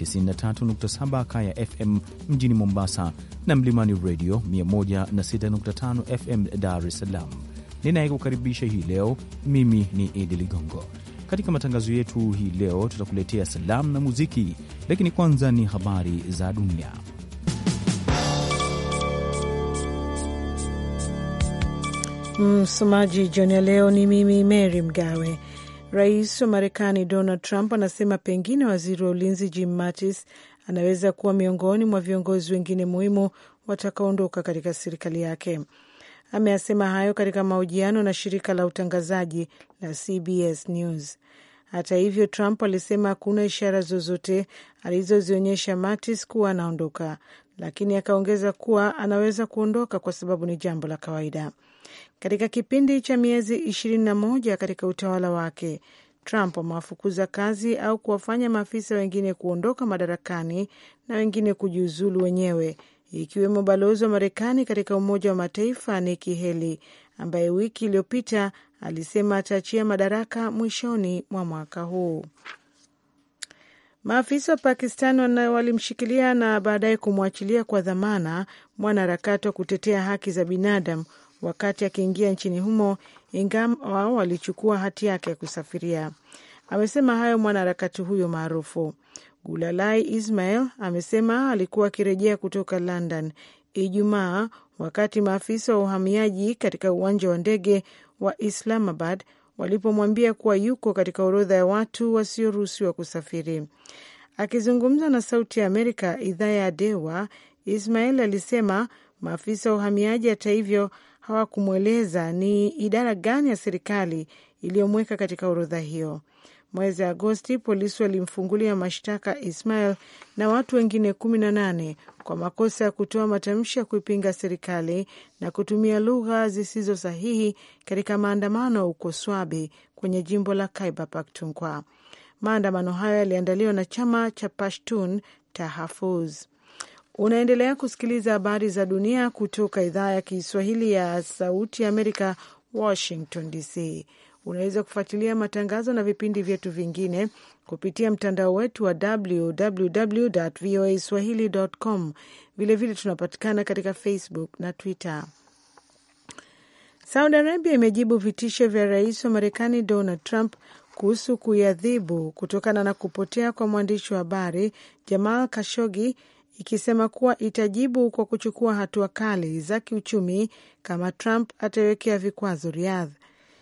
93.7 Kaya FM mjini Mombasa na Mlimani Radio 106.5 FM Dar es Salaam. Ninayekukaribisha hii leo mimi ni Idi Ligongo. Katika matangazo yetu hii leo tutakuletea salamu na muziki, lakini kwanza ni habari za dunia. Msomaji jioni ya leo ni mimi Mary Mgawe. Rais wa Marekani Donald Trump anasema pengine waziri wa ulinzi Jim Mattis anaweza kuwa miongoni mwa viongozi wengine muhimu watakaondoka katika serikali yake. Ameyasema hayo katika mahojiano na shirika la utangazaji la CBS News. Hata hivyo, Trump alisema hakuna ishara zozote alizozionyesha Mattis kuwa anaondoka, lakini akaongeza kuwa anaweza kuondoka kwa sababu ni jambo la kawaida. Katika kipindi cha miezi 21 katika utawala wake, Trump amewafukuza kazi au kuwafanya maafisa wengine kuondoka madarakani na wengine kujiuzulu wenyewe, ikiwemo balozi wa Marekani katika Umoja wa Mataifa Nikki Haley ambaye wiki iliyopita alisema ataachia madaraka mwishoni mwa mwaka huu. Maafisa wa Pakistan walimshikilia na baadaye kumwachilia kwa dhamana mwanaharakati wa kutetea haki za binadamu wakati akiingia nchini humo, ingawa walichukua hati yake ya kusafiria. Amesema hayo mwanaharakati huyo maarufu. Gulalai Ismail amesema alikuwa akirejea kutoka London Ijumaa wakati maafisa wa uhamiaji katika uwanja wa ndege wa Islamabad walipomwambia kuwa yuko katika orodha ya watu wasioruhusiwa kusafiri. Akizungumza na Sauti ya Amerika idhaa ya Dewa, Ismail alisema maafisa wa uhamiaji, hata hivyo, hawakumweleza ni idara gani ya serikali iliyomweka katika orodha hiyo. Mwezi Agosti, polisi walimfungulia mashtaka Ismail na watu wengine kumi na nane kwa makosa ya kutoa matamshi ya kuipinga serikali na kutumia lugha zisizo sahihi katika maandamano ya ukoswabi kwenye jimbo la Khyber Pakhtunkhwa. Maandamano hayo yaliandaliwa na chama cha Pashtun Tahafuz. Unaendelea kusikiliza habari za dunia kutoka idhaa ya Kiswahili ya Sauti ya Amerika, Washington DC. Unaweza kufuatilia matangazo na vipindi vyetu vingine kupitia mtandao wetu wa www voa swahili.com. Vilevile tunapatikana katika Facebook na Twitter. Saudi Arabia imejibu vitisho vya rais wa Marekani Donald Trump kuhusu kuiadhibu kutokana na kupotea kwa mwandishi wa habari Jamal Kashogi ikisema kuwa itajibu kwa kuchukua hatua kali za kiuchumi kama Trump atawekea vikwazo Riyadh.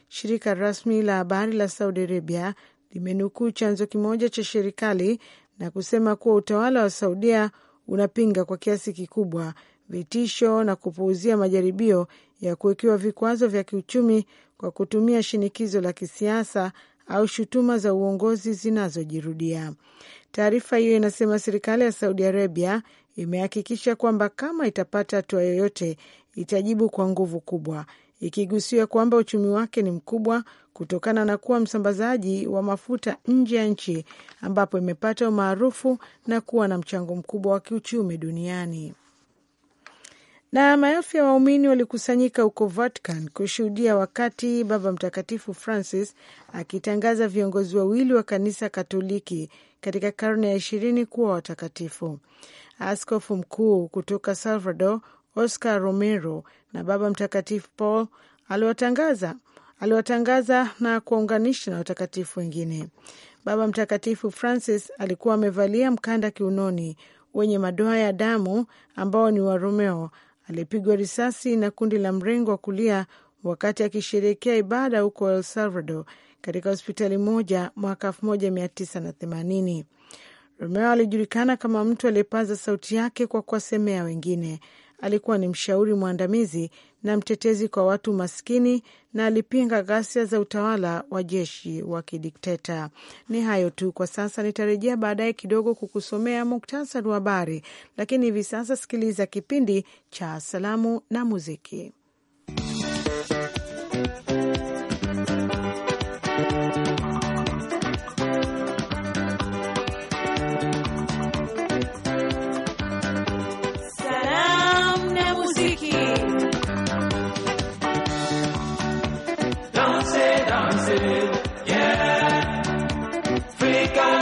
Shirika rasmi la habari la Saudi Arabia limenukuu chanzo kimoja cha serikali na kusema kuwa utawala wa Saudia unapinga kwa kiasi kikubwa vitisho na kupuuzia majaribio ya kuwekewa vikwazo vya kiuchumi kwa kutumia shinikizo la kisiasa au shutuma za uongozi zinazojirudia. Taarifa hiyo inasema serikali ya Saudi Arabia imehakikisha kwamba kama itapata hatua yoyote itajibu kwa nguvu kubwa, ikigusia kwamba uchumi wake ni mkubwa kutokana na kuwa msambazaji wa mafuta nje ya nchi ambapo imepata umaarufu na kuwa na mchango mkubwa wa kiuchumi duniani. Na maelfu ya waumini walikusanyika huko Vatican kushuhudia wakati Baba Mtakatifu Francis akitangaza viongozi wawili wa kanisa Katoliki katika karne ya ishirini kuwa watakatifu. Askofu mkuu kutoka Salvador Oscar Romero na Baba Mtakatifu Paul aliwatangaza aliwatangaza na kuwaunganisha na watakatifu wengine. Baba Mtakatifu Francis alikuwa amevalia mkanda kiunoni wenye madoa ya damu ambao ni wa Romeo alipigwa risasi na kundi la mrengo wa kulia wakati akisherekea ibada huko El Salvador katika hospitali moja mwaka 1980. Romeo alijulikana kama mtu aliyepaza sauti yake kwa kuwasemea wengine alikuwa ni mshauri mwandamizi na mtetezi kwa watu maskini na alipinga ghasia za utawala wa jeshi wa kidikteta. Ni hayo tu kwa sasa, nitarejea baadaye kidogo kukusomea muktasari wa habari, lakini hivi sasa sikiliza kipindi cha salamu na muziki.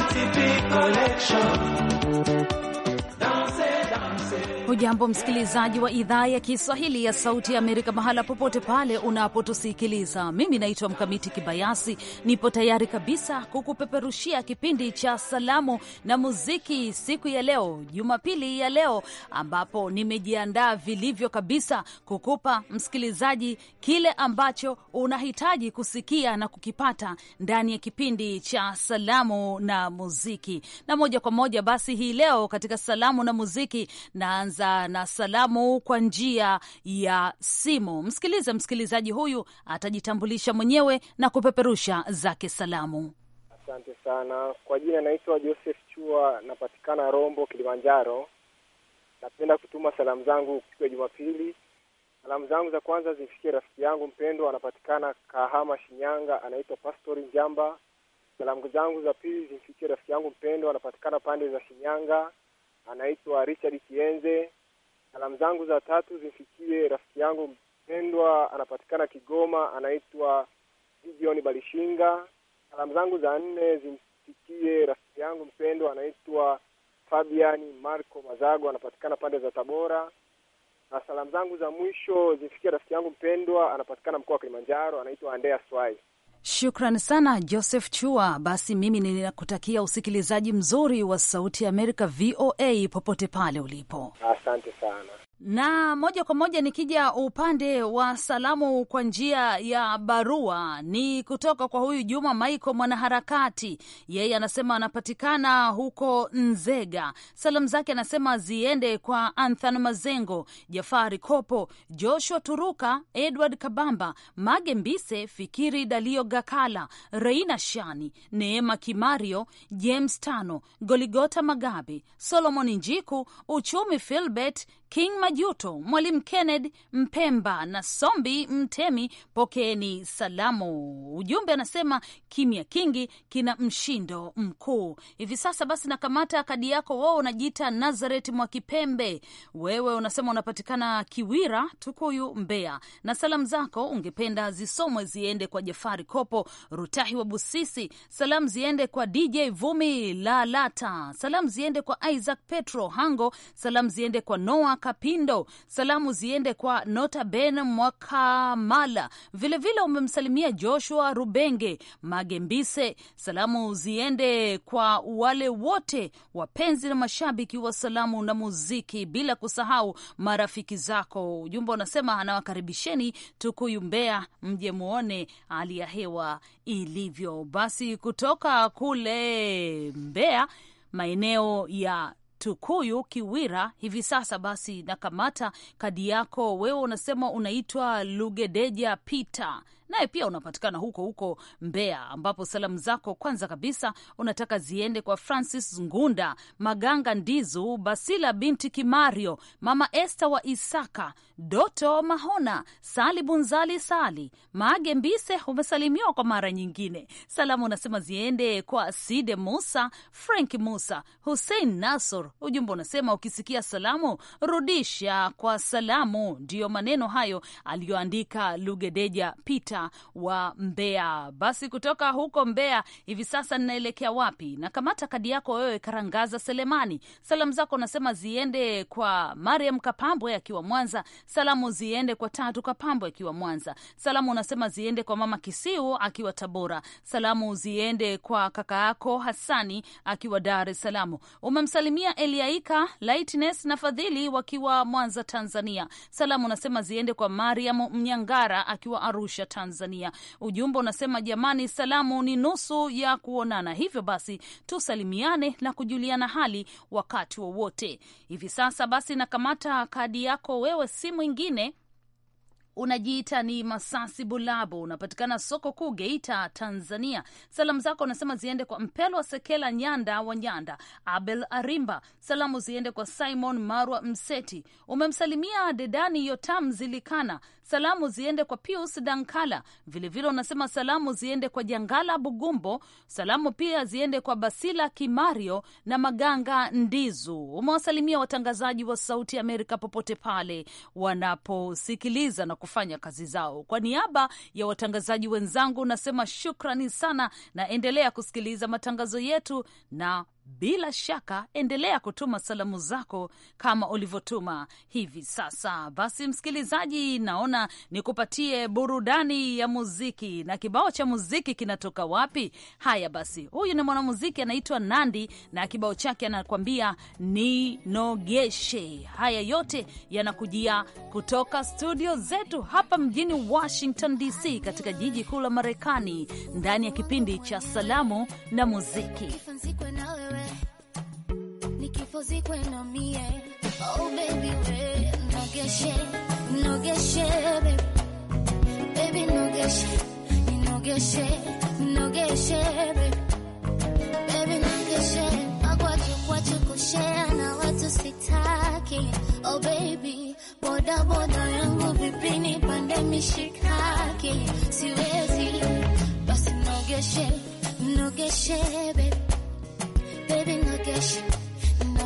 MTV collection. Hujambo msikilizaji wa idhaa ya Kiswahili ya Sauti ya Amerika, mahala popote pale unapotusikiliza. Mimi naitwa Mkamiti Kibayasi, nipo tayari kabisa kukupeperushia kipindi cha salamu na muziki siku ya leo, Jumapili ya leo, ambapo nimejiandaa vilivyo kabisa kukupa msikilizaji kile ambacho unahitaji kusikia na kukipata ndani ya kipindi cha salamu na muziki. Na moja kwa moja basi, hii leo katika salamu na muziki naanza kuanza na salamu kwa njia ya simu. Msikilize msikilizaji huyu atajitambulisha mwenyewe na kupeperusha zake salamu. Asante sana kwa jina, naitwa Joseph Chua, napatikana Rombo, Kilimanjaro. Napenda kutuma salamu zangu siku ya Jumapili. Salamu zangu za kwanza zimfikie rafiki yangu mpendwa, anapatikana Kahama, Shinyanga, anaitwa Pastori Njamba. Salamu zangu za pili zimfikie rafiki yangu mpendwa, anapatikana pande za Shinyanga anaitwa Richard Kienze. Salamu zangu za tatu zimfikie rafiki yangu mpendwa, anapatikana Kigoma, anaitwa Gideon Balishinga. Salamu zangu za nne zimfikie rafiki yangu mpendwa, anaitwa Fabiani Marco Mazago, anapatikana pande za Tabora. Na salamu zangu za mwisho zimfikie rafiki yangu mpendwa, anapatikana mkoa wa Kilimanjaro, anaitwa Andrea Swai. Shukran sana Joseph Chua. Basi mimi ninakutakia usikilizaji mzuri wa Sauti ya Amerika, VOA, popote pale ulipo. Asante sana na moja kwa moja nikija upande wa salamu kwa njia ya barua ni kutoka kwa huyu Juma Maiko, mwanaharakati. Yeye anasema anapatikana huko Nzega. Salamu zake anasema ziende kwa Anthony Mazengo, Jafari Kopo, Joshua Turuka, Edward Kabamba, Mage Mbise, Fikiri Dalio, Gakala, Reina Shani, Neema Kimario, James Tano, Goligota Magabe, Solomon Njiku, Uchumi Filbert King Majuto, Mwalimu Kennedy Mpemba na Sombi Mtemi, pokeeni salamu. Ujumbe anasema kimya kingi kina mshindo mkuu. Hivi sasa basi, nakamata kadi yako wao. unajiita Nazaret Mwakipembe, wewe unasema unapatikana Kiwira, Tukuyu, Mbeya, na salamu zako ungependa zisomwe ziende kwa Jafari Kopo Rutahi wa Busisi, salamu ziende kwa DJ Vumi Lalata, salamu ziende kwa Isaac Petro Hango, salamu ziende kwa Noah Kapini Mwindo, salamu ziende kwa Nota Ben Mwakamala, vilevile umemsalimia Joshua Rubenge Magembise. Salamu ziende kwa wale wote wapenzi na mashabiki wa salamu na muziki, bila kusahau marafiki zako. Ujumbe unasema anawakaribisheni Tukuyu, Mbeya, mje muone hali ya hewa ilivyo. Basi kutoka kule Mbeya maeneo ya Tukuyu Kiwira hivi sasa. Basi nakamata kadi yako wewe, unasema unaitwa Lugedeja Peter naye pia unapatikana huko huko Mbeya, ambapo salamu zako kwanza kabisa unataka ziende kwa Francis Ngunda, Maganga Ndizu, Basila binti Kimario, Mama Esther wa Isaka, Doto Mahona, Sali Bunzali Sali Mage Mbise. Umesalimiwa kwa mara nyingine. Salamu unasema ziende kwa Side Musa, Frank Musa, Hussein Nasor. Ujumbe unasema ukisikia salamu rudisha kwa salamu. Ndiyo maneno hayo aliyoandika Lugedeja Peter wa Mbeya. Basi kutoka huko Mbeya hivi sasa ninaelekea wapi? Na kamata kadi yako wewe, Karangaza Selemani. Salamu zako nasema ziende kwa Mariam Kapambwe akiwa Mwanza, salamu ziende kwa Tatu Kapambwe akiwa Mwanza, salamu unasema ziende kwa mama Kisiu akiwa Tabora, salamu ziende kwa kaka yako Hasani akiwa Dar es Salaam. Umemsalimia Eliaika Lightness na Fadhili wakiwa Mwanza, Tanzania. Salamu unasema ziende kwa Mariam Mnyangara akiwa Arusha, Tanzania. Tanzania. Ujumbe unasema jamani, salamu ni nusu ya kuonana, hivyo basi tusalimiane na kujuliana hali wakati wowote. Hivi sasa basi nakamata kadi yako wewe, si mwingine unajiita ni Masasi Bulabo, unapatikana soko kuu Geita, Tanzania. Salamu zako unasema ziende kwa wa Sekela Nyanda wa Nyanda, Abel Arimba. Salamu ziende kwa Simon Marwa Mseti. Umemsalimia Dedani Yotam Zilikana. Salamu ziende kwa Pius Dankala, vilevile unasema salamu ziende kwa Jangala Bugumbo, salamu pia ziende kwa Basila Kimario na Maganga Ndizu. Umewasalimia watangazaji wa Sauti Amerika popote pale wanaposikiliza na kufanya kazi zao. Kwa niaba ya watangazaji wenzangu, nasema shukrani sana naendelea kusikiliza matangazo yetu na bila shaka endelea kutuma salamu zako kama ulivyotuma hivi sasa. Basi msikilizaji, naona nikupatie burudani ya muziki, na kibao cha muziki kinatoka wapi? Haya basi, huyu ni mwanamuziki anaitwa Nandi na kibao chake anakuambia nogeshe Haya yote yanakujia kutoka studio zetu hapa mjini Washington DC, katika jiji kuu la Marekani, ndani ya kipindi cha salamu na muziki kifo zikwe na mie. Oh baby we nogeshe nogeshe baby baby nogeshe nogeshe nogeshe baby baby nogeshe magwaje kwache kushea na watu sitaki. Oh baby boda boda yangu vipini pande mishikaki siwezi basi nogeshe nogeshe baby baby nogeshe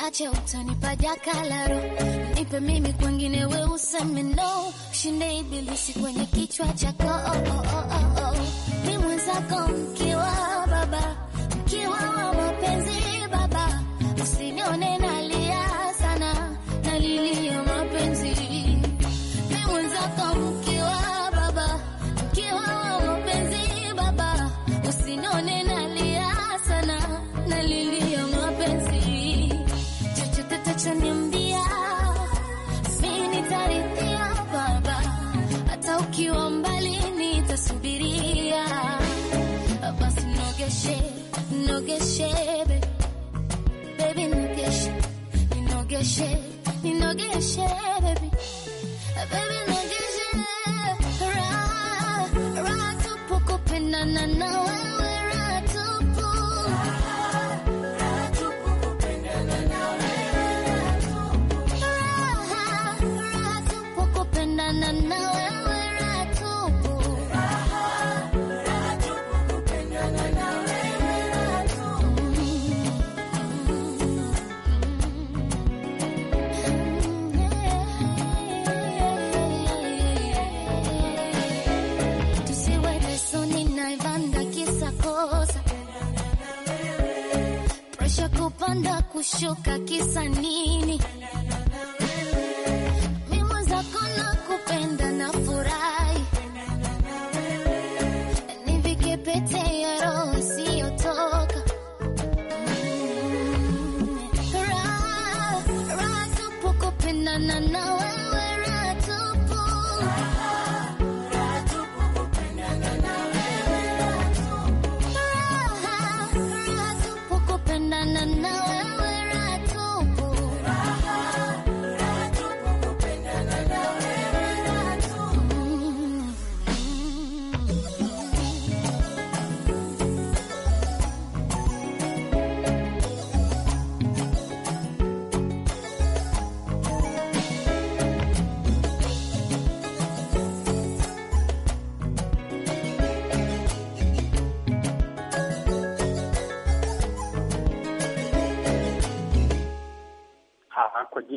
niache utanipa jakalaro, nipe mimi kwengine, we useme no, shinde ibilisi kwenye kichwa chako. Oh, oh, oh, oh, oh. Ni mwenzako mkiwa baba Baby,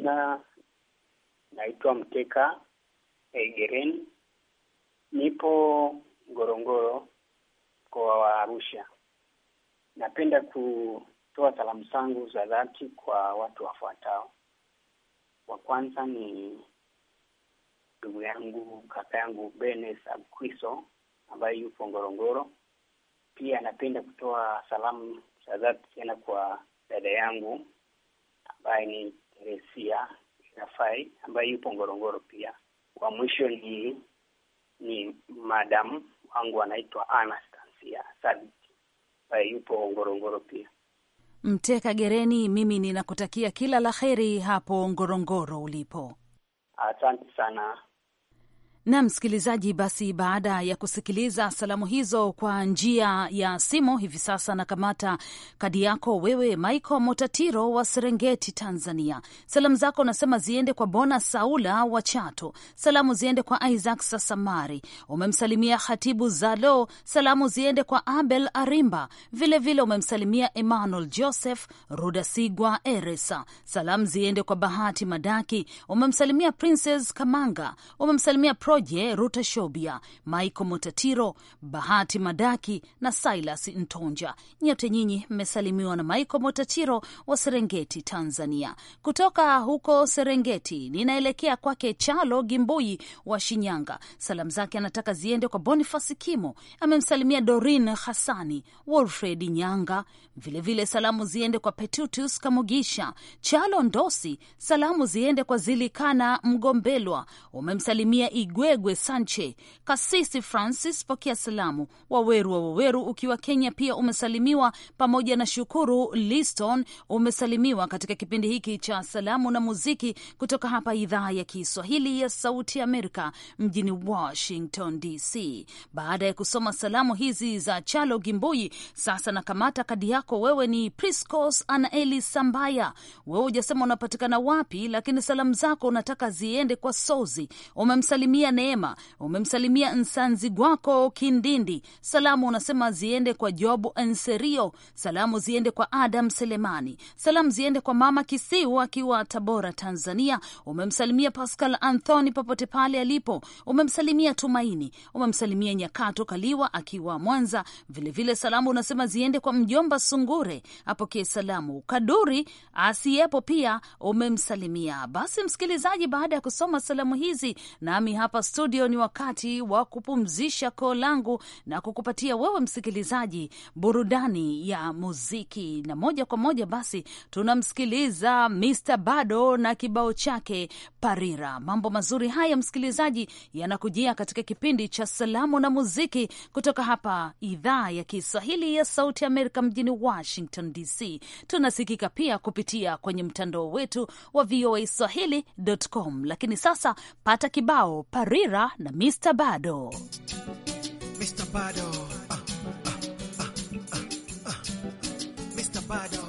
Jina naitwa Mteka Egeren, nipo Ngorongoro, mkoa wa Arusha. Napenda kutoa salamu zangu za dhati kwa watu wafuatao. Wa kwanza ni ndugu yangu kaka yangu Benes Abkwiso ambaye yupo Ngorongoro. Pia napenda kutoa salamu za dhati tena kwa dada yangu ambaye ni e, Sia Rafai ambaye yupo Ngorongoro pia. Wa mwisho ni ni madam wangu anaitwa Anastasia Sadiki ambaye yupo Ngorongoro pia. Mteka Gereni, mimi ninakutakia kila la heri hapo Ngorongoro ulipo. Asante sana. Na msikilizaji, basi baada ya kusikiliza salamu hizo kwa njia ya simu, hivi sasa nakamata kadi yako wewe, Michael Motatiro wa Serengeti, Tanzania. Salamu zako unasema ziende kwa Bona Saula wa Chato, salamu ziende kwa Isaac Sasamari, umemsalimia Hatibu Zalo, salamu ziende kwa Abel Arimba, vilevile vile umemsalimia Emmanuel Joseph Rudasigwa Eresa, salamu ziende kwa Bahati Madaki, umemsalimia Princess Kamanga, umemsalimia Proje Rutashobia, Maiko Mutatiro, Bahati Madaki na Silas Ntonja. Nyote nyinyi mmesalimiwa na Maiko Mutatiro wa Serengeti, Tanzania. Kutoka huko Serengeti ninaelekea kwake Chalo Gimbui wa Shinyanga. Salamu zake anataka ziende kwa Bonifasi Kimo, amemsalimia Dorin Hasani, Wolfred Nyanga. Vilevile vile salamu ziende kwa Petutus Kamugisha, Chalo Ndosi. Salamu ziende kwa Zilikana Mgombelwa, umemsalimia Igu Ngwegwe Sanche, Kasisi Francis, pokea salamu. Waweru wa Waweru ukiwa Kenya pia umesalimiwa, pamoja na Shukuru Liston umesalimiwa katika kipindi hiki cha salamu na muziki kutoka hapa idhaa ya Kiswahili ya Sauti Amerika mjini Washington DC. Baada ya kusoma salamu hizi za Chalo gimbui sasa nakamata kadi yako. Wewe ni Priscos Anaeli Sambaya, wewe hujasema unapatikana wapi, lakini salamu zako unataka ziende kwa Sozi. Umemsalimia Tanzania Neema umemsalimia Nsanzi Gwako Kindindi. Salamu unasema ziende kwa Jobu Nserio, salamu ziende kwa Adam Selemani, salamu ziende kwa Mama Kisiu akiwa Tabora, Tanzania. Umemsalimia Pascal Anthony popote pale alipo, umemsalimia Tumaini, umemsalimia Nyakato Kaliwa akiwa Mwanza. Vilevile vile salamu unasema ziende kwa mjomba Sungure, apokee salamu. Kaduri asiyepo pia umemsalimia. Basi msikilizaji, baada ya kusoma salamu hizi, nami hapa hapa studio, ni wakati wa kupumzisha koo langu na kukupatia wewe msikilizaji burudani ya muziki. Na moja kwa moja basi tunamsikiliza Mr Bado na kibao chake Parira. Mambo mazuri haya msikilizaji, yanakujia katika kipindi cha Salamu na Muziki kutoka hapa idhaa ya Kiswahili ya Sauti Amerika mjini Washington DC. Tunasikika pia kupitia kwenye mtandao wetu wa VOA Swahili.com, lakini sasa pata kibao Parira. Harira na Mr. Bado. Mr. Bado. Uh, ah, uh, ah, uh, ah, uh, uh. Mr. Bado.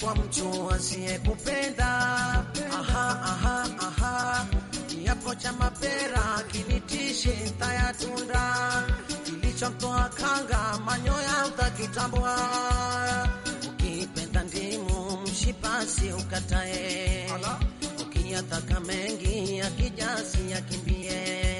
kwa mtu asiyekupenda. Aha, aha, aha, kiapo cha mapera kilitishi tayatunda kilichomtoa kanga, manyoya utakitambua. Ukipenda ndimu mshipasi ukatae, ukiyataka mengi akijasi akimbie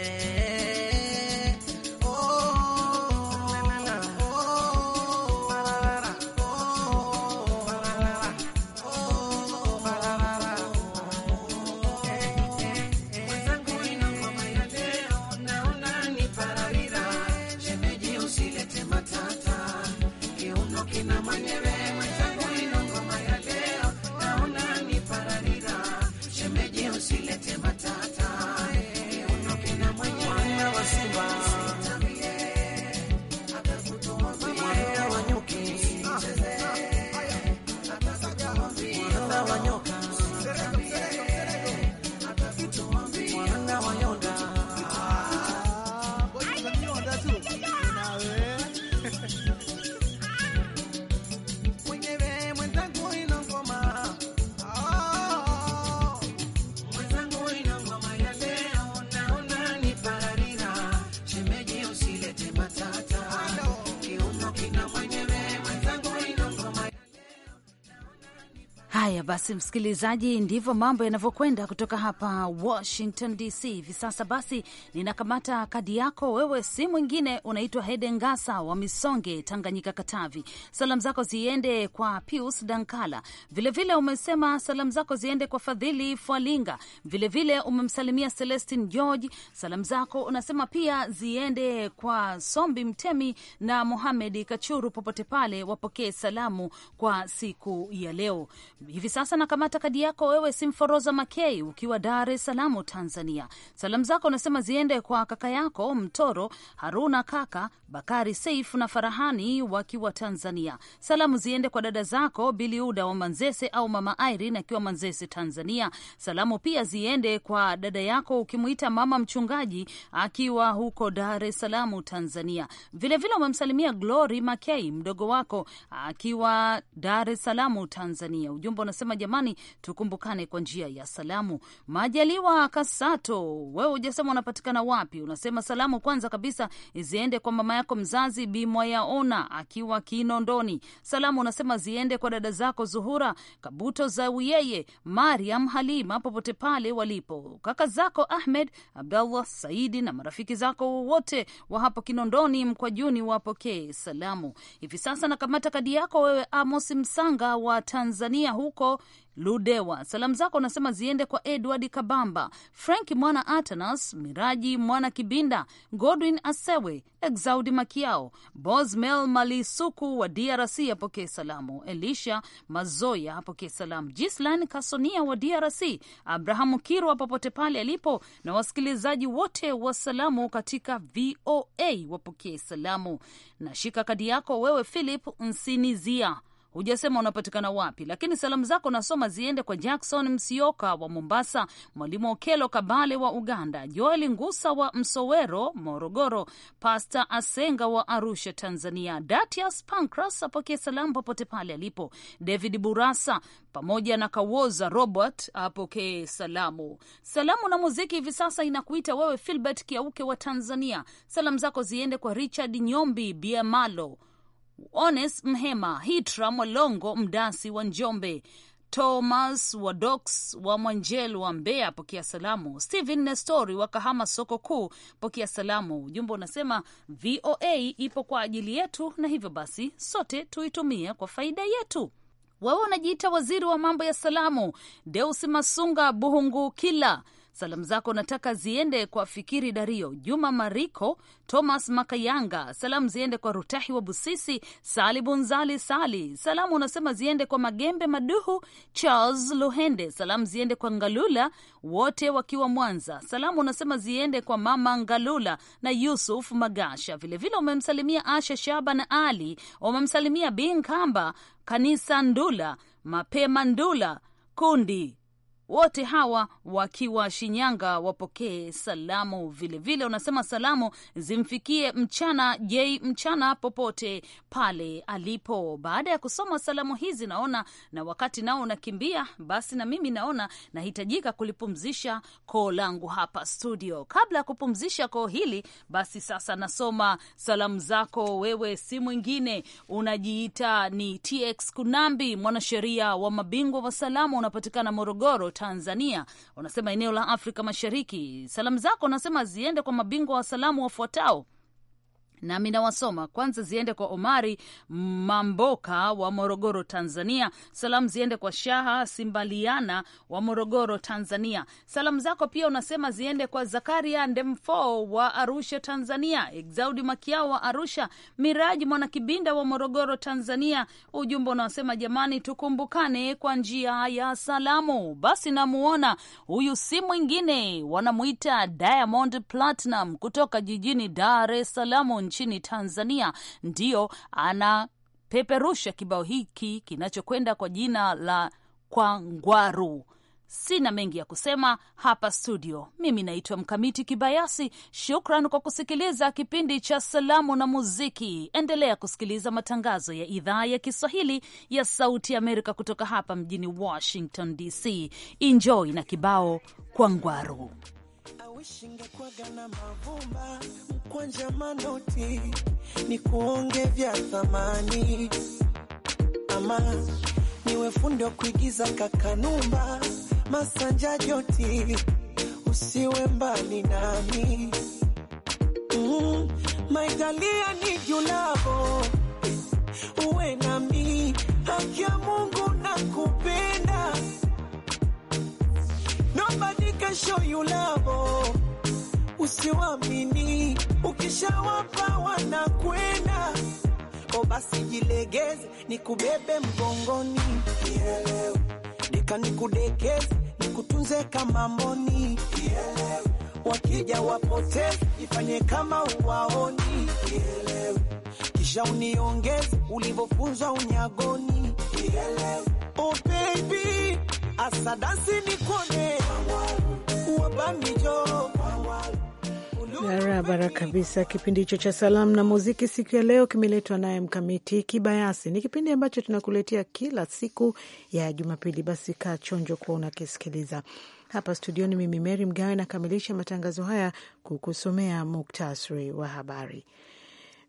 basi msikilizaji, ndivyo mambo yanavyokwenda kutoka hapa Washington DC hivi sasa. Basi ninakamata kadi yako, wewe si mwingine, unaitwa Hedengasa wa Misonge, Tanganyika, Katavi. Salamu zako ziende kwa Pius Dankala, vilevile vile umesema salamu zako ziende kwa Fadhili Fwalinga, vilevile umemsalimia Celestin George. Salamu zako unasema pia ziende kwa Sombi Mtemi na Muhamedi Kachuru, popote pale wapokee salamu kwa siku ya leo hivi sasa nakamata kadi yako wewe, Simforoza Makei ukiwa Dar es Salaam, Tanzania. Salamu zako unasema ziende kwa kaka yako Mtoro Haruna, kaka Bakari Seif na Farahani wakiwa Tanzania. Salamu ziende kwa dada zako Biliuda wa Manzese au mama Irene akiwa Manzese, Tanzania. Salamu pia ziende kwa dada yako ukimwita mama mchungaji akiwa huko Dar es Salaam, Tanzania. Vilevile umemsalimia Glory Makei mdogo wako akiwa Dar es Salaam, Tanzania. Ujumbe unasema anasema jamani, tukumbukane kwa njia ya salamu. Majaliwa Kasato, wewe hujasema unapatikana wapi. Unasema salamu kwanza kabisa ziende kwa mama yako mzazi Bi Mwayaona akiwa Kinondoni. Salamu unasema ziende kwa dada zako Zuhura Kabuto za Uyeye, Mariam Halima, popote pale walipo, kaka zako Ahmed Abdallah Saidi na marafiki zako wote wa hapo Kinondoni mkwa juni wapokee salamu hivi sasa. Nakamata kadi yako wewe Amos Msanga wa Tanzania huko Ludewa. Salamu zako unasema ziende kwa Edward Kabamba, Frank Mwana, Atanas Miraji Mwana Kibinda, Godwin Asewe, Exaudi Makiao, Bosmel Malisuku wa DRC apokee salamu, Elisha Mazoya apokee salamu, Jislan Kasonia wa DRC, Abrahamu Kirwa popote pale alipo, na wasikilizaji wote wa salamu katika VOA wapokee salamu. Nashika kadi yako wewe Philip Nsinizia hujasema unapatikana wapi, lakini salamu zako nasoma ziende kwa Jackson Msioka wa Mombasa, Mwalimu Okelo Kabale wa Uganda, Joel Ngusa wa Msowero, Morogoro, Pasta Asenga wa Arusha, Tanzania, Datias Pancras apokee salamu popote pale alipo, David Burasa pamoja na Kawoza Robert apokee salamu. Salamu na muziki hivi sasa inakuita wewe Filbert Kiauke wa Tanzania. Salamu zako ziende kwa Richard Nyombi Biamalo Ones Mhema, Hitra Mwalongo Mdasi wa Njombe, Thomas Wadox wa Mwanjelu wa Mbeya, pokea salamu. Stephen Nestori wa Kahama soko kuu, pokea salamu. Ujumbe unasema VOA ipo kwa ajili yetu, na hivyo basi sote tuitumie kwa faida yetu. Wewe unajiita waziri wa mambo ya salamu. Deusi Masunga Buhungu kila Salamu zako nataka ziende kwa Fikiri Dario, Juma Mariko, Thomas Makayanga. Salamu ziende kwa Rutahi wa Busisi, Sali Bunzali Sali. Salamu unasema ziende kwa Magembe Maduhu, Charles Luhende. Salamu ziende kwa Ngalula, wote wakiwa Mwanza. Salamu unasema ziende kwa Mama Ngalula na Yusuf Magasha. Vilevile umemsalimia Asha Shaba na Ali, umemsalimia Bin Kamba, Kanisa Ndula, Mapema Ndula, Kundi wote hawa wakiwa Shinyanga wapokee salamu vilevile. Vile unasema salamu zimfikie mchana Jei, mchana popote pale alipo. Baada ya kusoma salamu hizi, naona na wakati nao unakimbia, basi na mimi naona nahitajika kulipumzisha koo langu hapa studio. Kabla ya kupumzisha koo hili, basi sasa nasoma salamu zako. Wewe si mwingine, unajiita ni TX Kunambi, mwanasheria wa mabingwa wa salamu, unapatikana Morogoro, Tanzania. Unasema eneo la Afrika Mashariki, salamu zako unasema ziende kwa mabingwa wa salamu wafuatao: nami nawasoma kwanza. Ziende kwa Omari Mamboka wa Morogoro, Tanzania. Salamu ziende kwa Shaha Simbaliana wa Morogoro, Tanzania. Salamu zako pia unasema ziende kwa Zakaria Ndemfo wa Arusha, Tanzania, Exaudi Makiao wa Arusha, Miraji Mwanakibinda wa Morogoro, Tanzania. Ujumbe unasema jamani, tukumbukane kwa njia ya salamu. Basi namuona huyu si mwingine, wanamwita Diamond Platinum kutoka jijini Dar es Salaam nchini Tanzania ndiyo anapeperusha kibao hiki kinachokwenda kwa jina la Kwa Ngwaru. Sina mengi ya kusema hapa studio. Mimi naitwa Mkamiti Kibayasi. Shukran kwa kusikiliza kipindi cha Salamu na Muziki. Endelea kusikiliza matangazo ya idhaa ya Kiswahili ya Sauti ya Amerika kutoka hapa mjini Washington DC. Enjoy na kibao Kwangwaru awishingakwaga na mavumba mkwanja manoti ni kuonge vya thamani ama niwe fundi wa kuigiza kakanumba masanja joti usiwe mbali nami mm, maitalia ni julavo uwe nami haki ya Mungu can show you love. Usiwamini, ukishawapa wanakwenda. O, basi jilegeze, nikubebe mgongoni, nika nikudekeze, nikutunze kama mboni. Wakija wapoteze, jifanye kama uwaoni, kisha uniongeze ulivyofunzwa unyagoni. Oh baby, asa dansi nikone Barabara kabisa. Kipindi hicho cha salamu na muziki siku ya leo kimeletwa naye Mkamiti Kibayasi. Ni kipindi ambacho tunakuletea kila siku ya Jumapili. Basi kaa chonjo kuwa unakisikiliza hapa studioni. Mimi Meri Mgawe nakamilisha matangazo haya kukusomea muktasari wa habari.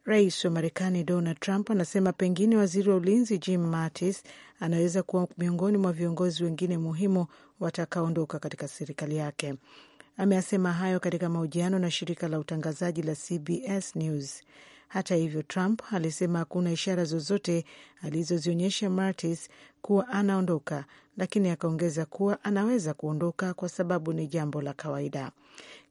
Rais wa Marekani Donald Trump anasema pengine waziri wa ulinzi Jim Mattis anaweza kuwa miongoni mwa viongozi wengine muhimu watakaoondoka katika serikali yake. ameasema hayo katika mahojiano na shirika la utangazaji la CBS News. Hata hivyo, Trump alisema hakuna ishara zozote alizozionyesha Mattis kuwa anaondoka, lakini akaongeza kuwa anaweza kuondoka kwa sababu ni jambo la kawaida.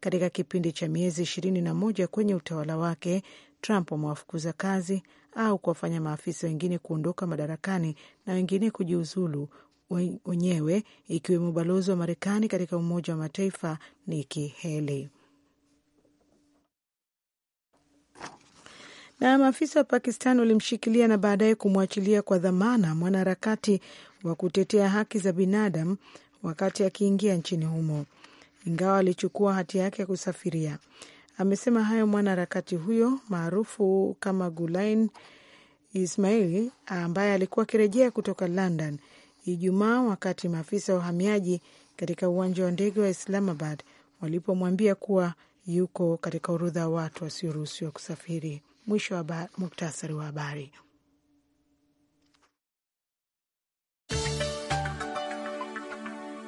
Katika kipindi cha miezi ishirini na moja kwenye utawala wake, Trump wamewafukuza kazi au kuwafanya maafisa wengine kuondoka madarakani na wengine kujiuzulu wenyewe ikiwemo balozi wa Marekani katika Umoja wa Mataifa Nikki Haley. Na maafisa wa Pakistan walimshikilia na baadaye kumwachilia kwa dhamana mwanaharakati wa kutetea haki za binadamu wakati akiingia nchini humo, ingawa alichukua hati yake ya kusafiria. Amesema hayo mwanaharakati huyo maarufu kama Gulain Ismaili ambaye alikuwa akirejea kutoka London Ijumaa wakati maafisa wa uhamiaji katika uwanja wa ndege wa Islamabad walipomwambia kuwa yuko katika orodha ya watu wasioruhusiwa kusafiri. Mwisho wa muktasari wa habari.